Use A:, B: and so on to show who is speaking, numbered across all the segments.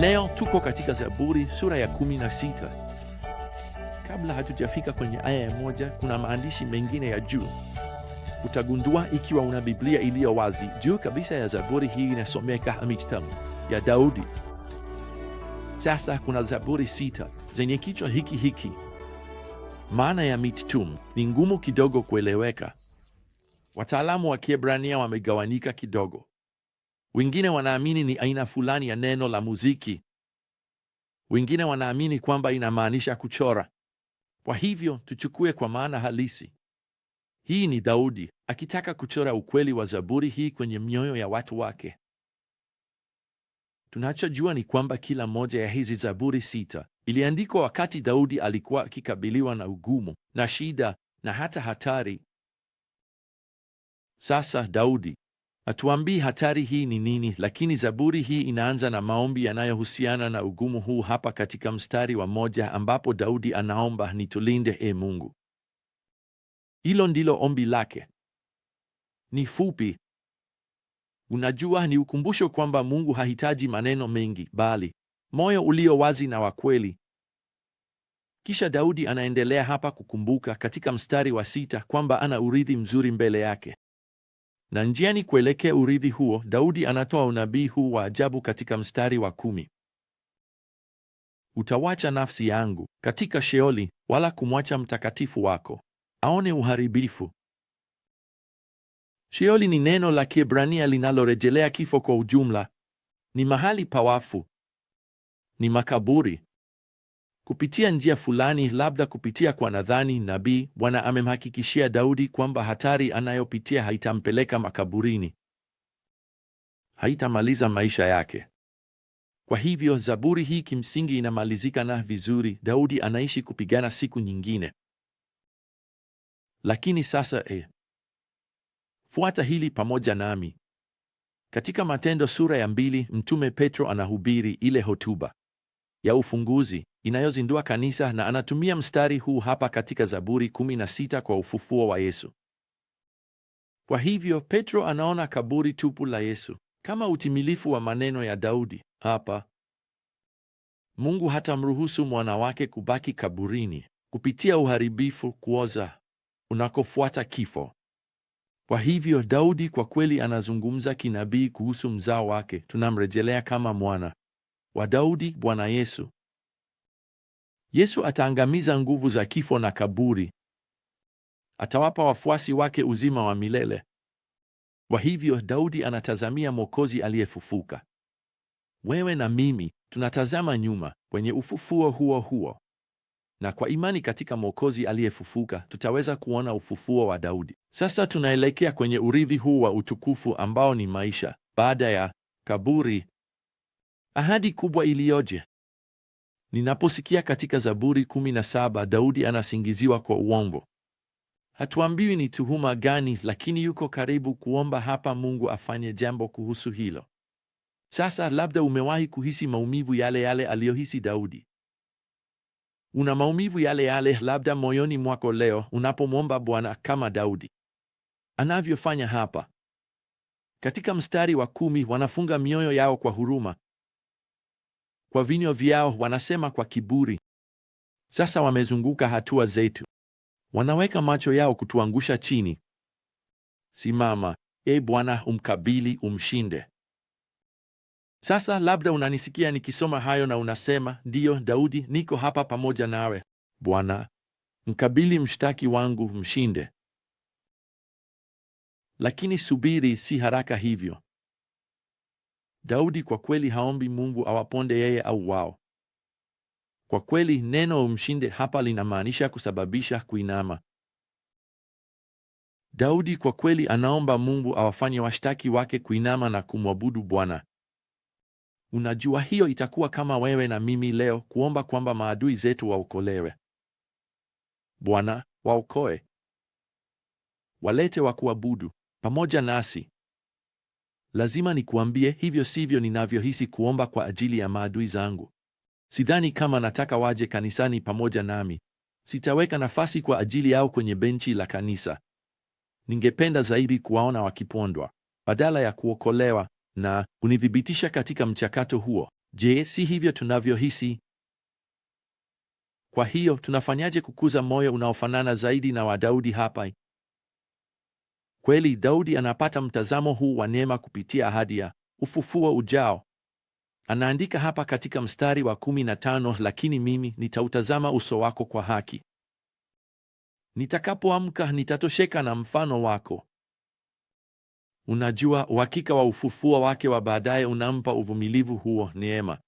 A: Leo tuko katika Zaburi sura ya 16. Kabla hatujafika kwenye aya ya moja, kuna maandishi mengine ya juu utagundua ikiwa una Biblia iliyo wazi. Juu kabisa ya Zaburi hii inasomeka Amichtam ya Daudi. Sasa kuna Zaburi sita zenye kichwa hiki hiki. Maana ya mittum ni ngumu kidogo kueleweka. Wataalamu wa Kiebrania wamegawanika kidogo. Wengine wanaamini ni aina fulani ya neno la muziki, wengine wanaamini kwamba inamaanisha kuchora. Kwa hivyo tuchukue kwa maana halisi. Hii ni Daudi akitaka kuchora ukweli wa Zaburi hii kwenye mioyo ya watu wake. Tunachojua ni kwamba kila moja ya hizi Zaburi sita iliandikwa wakati Daudi alikuwa akikabiliwa na ugumu na shida na hata hatari. Sasa Daudi Hatuambii hatari hii ni nini, lakini Zaburi hii inaanza na maombi yanayohusiana na ugumu huu hapa katika mstari wa moja ambapo Daudi anaomba, nitulinde e Mungu. Hilo ndilo ombi lake, ni fupi. Unajua, ni ukumbusho kwamba Mungu hahitaji maneno mengi, bali moyo ulio wazi na wa kweli. Kisha Daudi anaendelea hapa kukumbuka katika mstari wa sita kwamba ana urithi mzuri mbele yake. Na njiani kuelekea urithi huo, Daudi anatoa unabii huu wa ajabu katika mstari wa kumi: utawacha nafsi yangu katika Sheoli, wala kumwacha mtakatifu wako aone uharibifu. Sheoli ni neno la Kiebrania linalorejelea kifo kwa ujumla. Ni mahali pa wafu, ni makaburi kupitia njia fulani, labda kupitia kwa nadhani nabii, Bwana amemhakikishia Daudi kwamba hatari anayopitia haitampeleka makaburini, haitamaliza maisha yake. Kwa hivyo zaburi hii kimsingi inamalizika na vizuri. Daudi anaishi kupigana siku nyingine, lakini sasa e, fuata hili pamoja nami. Katika Matendo sura ya mbili, mtume Petro anahubiri ile hotuba ya ufunguzi inayozindua kanisa na anatumia mstari huu hapa katika Zaburi 16 kwa ufufuo wa Yesu. Kwa hivyo Petro anaona kaburi tupu la Yesu kama utimilifu wa maneno ya Daudi hapa. Mungu hatamruhusu mwana wake kubaki kaburini kupitia uharibifu, kuoza unakofuata kifo. Kwa hivyo Daudi kwa kweli anazungumza kinabii kuhusu mzao wake, tunamrejelea kama mwana wa Daudi Bwana Yesu. Yesu ataangamiza nguvu za kifo na kaburi. Atawapa wafuasi wake uzima wa milele. Kwa hivyo Daudi anatazamia Mwokozi aliyefufuka. Wewe na mimi tunatazama nyuma kwenye ufufuo huo huo, na kwa imani katika Mwokozi aliyefufuka tutaweza kuona ufufuo wa Daudi. Sasa tunaelekea kwenye urithi huu wa utukufu ambao ni maisha baada ya kaburi. Ahadi kubwa iliyoje! Ninaposikia katika Zaburi 17 Daudi anasingiziwa kwa uongo. Hatuambiwi ni tuhuma gani, lakini yuko karibu kuomba hapa Mungu afanye jambo kuhusu hilo. Sasa labda umewahi kuhisi maumivu yale yale aliyohisi Daudi. Una maumivu yale yale labda moyoni mwako leo unapomwomba Bwana kama Daudi anavyofanya hapa. Katika mstari wa kumi wanafunga mioyo yao kwa huruma, kwa vinywa vyao wanasema kwa kiburi. Sasa wamezunguka hatua zetu, wanaweka macho yao kutuangusha chini. Simama e Bwana, umkabili, umshinde. Sasa labda unanisikia nikisoma hayo na unasema, ndiyo Daudi, niko hapa pamoja nawe Bwana, mkabili mshtaki wangu, mshinde. Lakini subiri, si haraka hivyo. Daudi kwa kweli haombi Mungu awaponde yeye au wao. Kwa kweli neno umshinde hapa linamaanisha kusababisha kuinama. Daudi kwa kweli anaomba Mungu awafanye washtaki wake kuinama na kumwabudu Bwana. Unajua, hiyo itakuwa kama wewe na mimi leo kuomba kwamba maadui zetu waokolewe. Bwana, waokoe, walete wa kuabudu pamoja nasi. Lazima nikuambie, hivyo sivyo ninavyohisi kuomba kwa ajili ya maadui zangu. Sidhani kama nataka waje kanisani pamoja nami. Sitaweka nafasi kwa ajili yao kwenye benchi la kanisa. Ningependa zaidi kuwaona wakipondwa badala ya kuokolewa na kunithibitisha katika mchakato huo. Je, si hivyo tunavyohisi? Kwa hiyo tunafanyaje kukuza moyo unaofanana zaidi na wa Daudi hapa? Kweli Daudi anapata mtazamo huu wa neema kupitia ahadi ya ufufuo ujao. Anaandika hapa katika mstari wa 15, lakini mimi nitautazama uso wako kwa haki, nitakapoamka nitatosheka na mfano wako. Unajua, uhakika wa ufufuo wake wa baadaye unampa uvumilivu huo neema,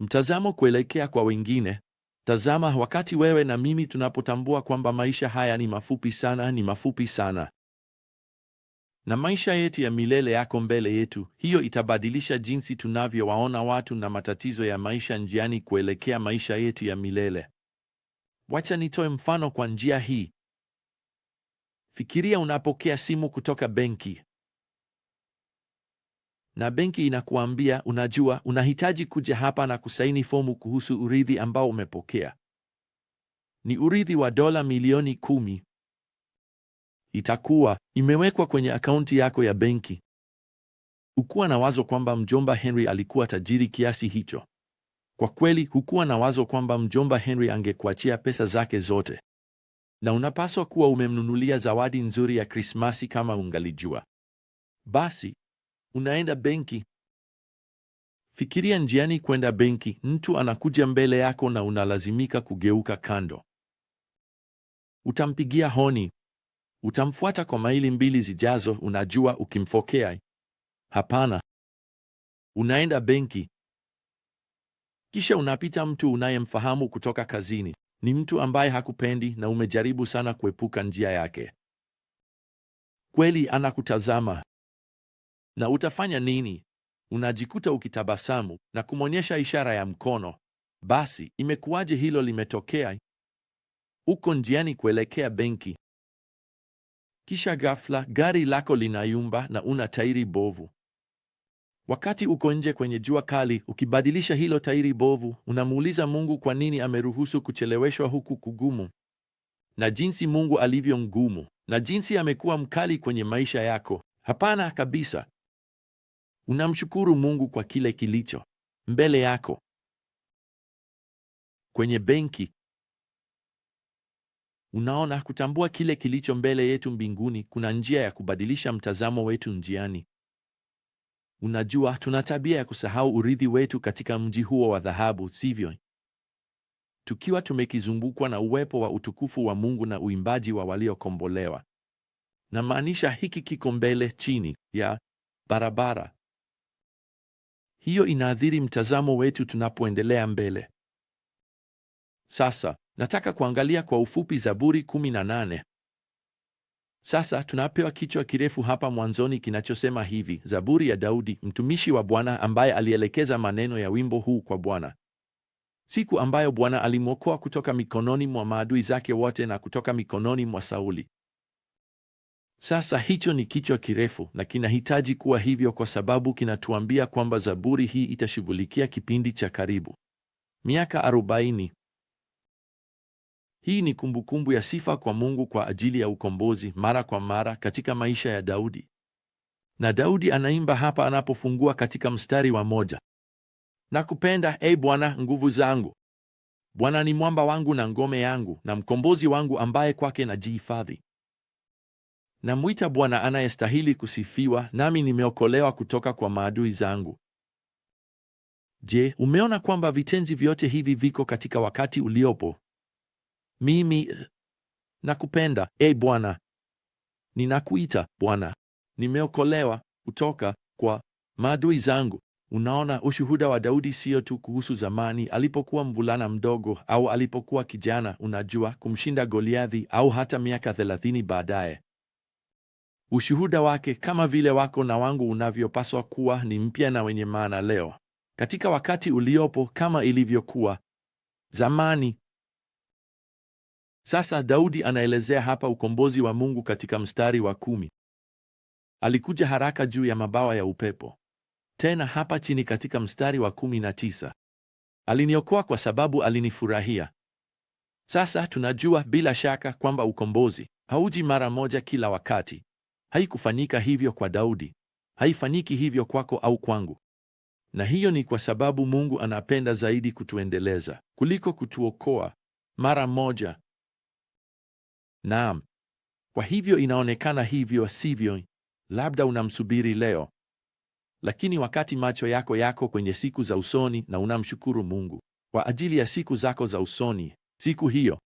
A: mtazamo kuelekea kwa wengine Tazama, wakati wewe na mimi tunapotambua kwamba maisha haya ni mafupi sana, ni mafupi sana, na maisha yetu ya milele yako mbele yetu, hiyo itabadilisha jinsi tunavyowaona watu na matatizo ya maisha njiani kuelekea maisha yetu ya milele. Wacha nitoe mfano kwa njia hii. Fikiria unapokea simu kutoka benki na benki inakuambia unajua, unahitaji kuja hapa na kusaini fomu kuhusu urithi ambao umepokea. Ni urithi wa dola milioni kumi. Itakuwa imewekwa kwenye akaunti yako ya benki. Hukuwa na wazo kwamba mjomba Henry alikuwa tajiri kiasi hicho. Kwa kweli, hukuwa na wazo kwamba mjomba Henry angekuachia pesa zake zote, na unapaswa kuwa umemnunulia zawadi nzuri ya Krismasi kama ungalijua. Basi unaenda benki. Fikiria njiani kwenda benki, mtu anakuja mbele yako na unalazimika kugeuka kando. Utampigia honi, utamfuata kwa maili mbili zijazo. Unajua ukimfokea hapana, unaenda benki. Kisha unapita mtu unayemfahamu kutoka kazini, ni mtu ambaye hakupendi na umejaribu sana kuepuka njia yake. Kweli anakutazama na utafanya nini? Unajikuta ukitabasamu na kumwonyesha ishara ya mkono. Basi imekuwaje hilo limetokea? Uko njiani kuelekea benki, kisha ghafla gari lako linayumba na una tairi bovu. Wakati uko nje kwenye jua kali ukibadilisha hilo tairi bovu, unamuuliza Mungu kwa nini ameruhusu kucheleweshwa huku kugumu, na jinsi Mungu alivyo mgumu na jinsi amekuwa mkali kwenye maisha yako. Hapana kabisa, Unamshukuru Mungu kwa kile kilicho mbele yako kwenye benki. Unaona, kutambua kile kilicho mbele yetu mbinguni kuna njia ya kubadilisha mtazamo wetu njiani. Unajua, tuna tabia ya kusahau urithi wetu katika mji huo wa dhahabu, sivyo? Tukiwa tumekizungukwa na uwepo wa utukufu wa Mungu na uimbaji wa waliokombolewa. Namaanisha hiki kiko mbele, chini ya barabara. Hiyo inaathiri mtazamo wetu tunapoendelea mbele. Sasa nataka kuangalia kwa ufupi Zaburi 18. Sasa tunapewa kichwa kirefu hapa mwanzoni kinachosema hivi: Zaburi ya Daudi mtumishi wa Bwana, ambaye alielekeza maneno ya wimbo huu kwa Bwana siku ambayo Bwana alimwokoa kutoka mikononi mwa maadui zake wote na kutoka mikononi mwa Sauli. Sasa hicho ni kichwa kirefu na kinahitaji kuwa hivyo kwa sababu kinatuambia kwamba Zaburi hii itashughulikia kipindi cha karibu miaka 40. Hii ni kumbukumbu ya sifa kwa Mungu kwa ajili ya ukombozi mara kwa mara katika maisha ya Daudi. Na Daudi anaimba hapa anapofungua katika mstari wa moja. Nakupenda, e Bwana, nguvu zangu. Bwana ni mwamba wangu na ngome yangu na mkombozi wangu ambaye kwake najihifadhi. Namwita Bwana anayestahili kusifiwa, nami nimeokolewa kutoka kwa maadui zangu. Je, umeona kwamba vitenzi vyote hivi viko katika wakati uliopo? Mimi eh, nakupenda, e Bwana, ninakuita Bwana, nimeokolewa kutoka kwa maadui zangu. Unaona, ushuhuda wa Daudi siyo tu kuhusu zamani alipokuwa mvulana mdogo au alipokuwa kijana, unajua, kumshinda Goliathi au hata miaka thelathini baadaye. Ushuhuda wake kama vile wako na wangu unavyopaswa kuwa ni mpya na wenye maana leo katika wakati uliopo kama ilivyokuwa zamani. Sasa Daudi anaelezea hapa ukombozi wa Mungu katika mstari wa kumi. Alikuja haraka juu ya mabawa ya upepo. Tena hapa chini katika mstari wa kumi na tisa, aliniokoa kwa sababu alinifurahia. Sasa tunajua bila shaka kwamba ukombozi hauji mara moja kila wakati, Haikufanyika hivyo kwa Daudi, haifanyiki hivyo kwako au kwangu. Na hiyo ni kwa sababu Mungu anapenda zaidi kutuendeleza kuliko kutuokoa mara moja. Naam. Kwa hivyo inaonekana hivyo, sivyo? Labda unamsubiri leo, lakini wakati macho yako yako kwenye siku za usoni na unamshukuru Mungu kwa ajili ya siku zako za usoni, siku hiyo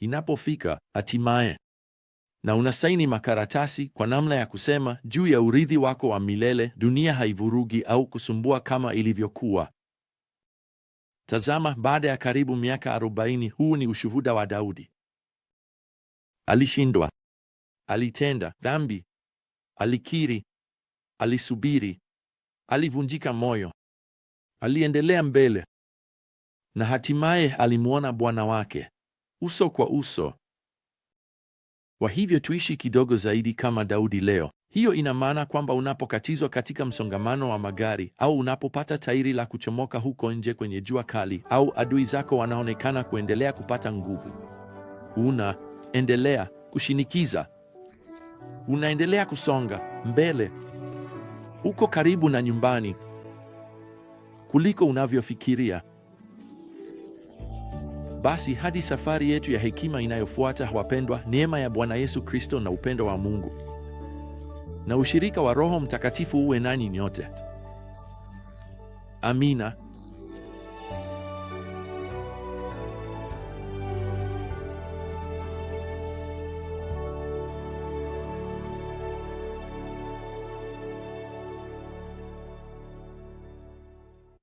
A: inapofika hatimaye na unasaini makaratasi kwa namna ya kusema juu ya urithi wako wa milele. Dunia haivurugi au kusumbua kama ilivyokuwa. Tazama, baada ya karibu miaka 40, huu ni ushuhuda wa Daudi. Alishindwa, alitenda dhambi, alikiri, alisubiri, alivunjika moyo, aliendelea mbele, na hatimaye alimwona Bwana wake uso kwa uso. Kwa hivyo tuishi kidogo zaidi kama Daudi leo. Hiyo ina maana kwamba unapokatizwa katika msongamano wa magari au unapopata tairi la kuchomoka huko nje kwenye jua kali au adui zako wanaonekana kuendelea kupata nguvu, unaendelea kushinikiza, unaendelea kusonga mbele. Uko karibu na nyumbani kuliko unavyofikiria. Basi hadi safari yetu ya hekima inayofuata, wapendwa, neema ya Bwana Yesu Kristo na upendo wa Mungu na ushirika wa Roho Mtakatifu uwe nanyi nyote. Amina.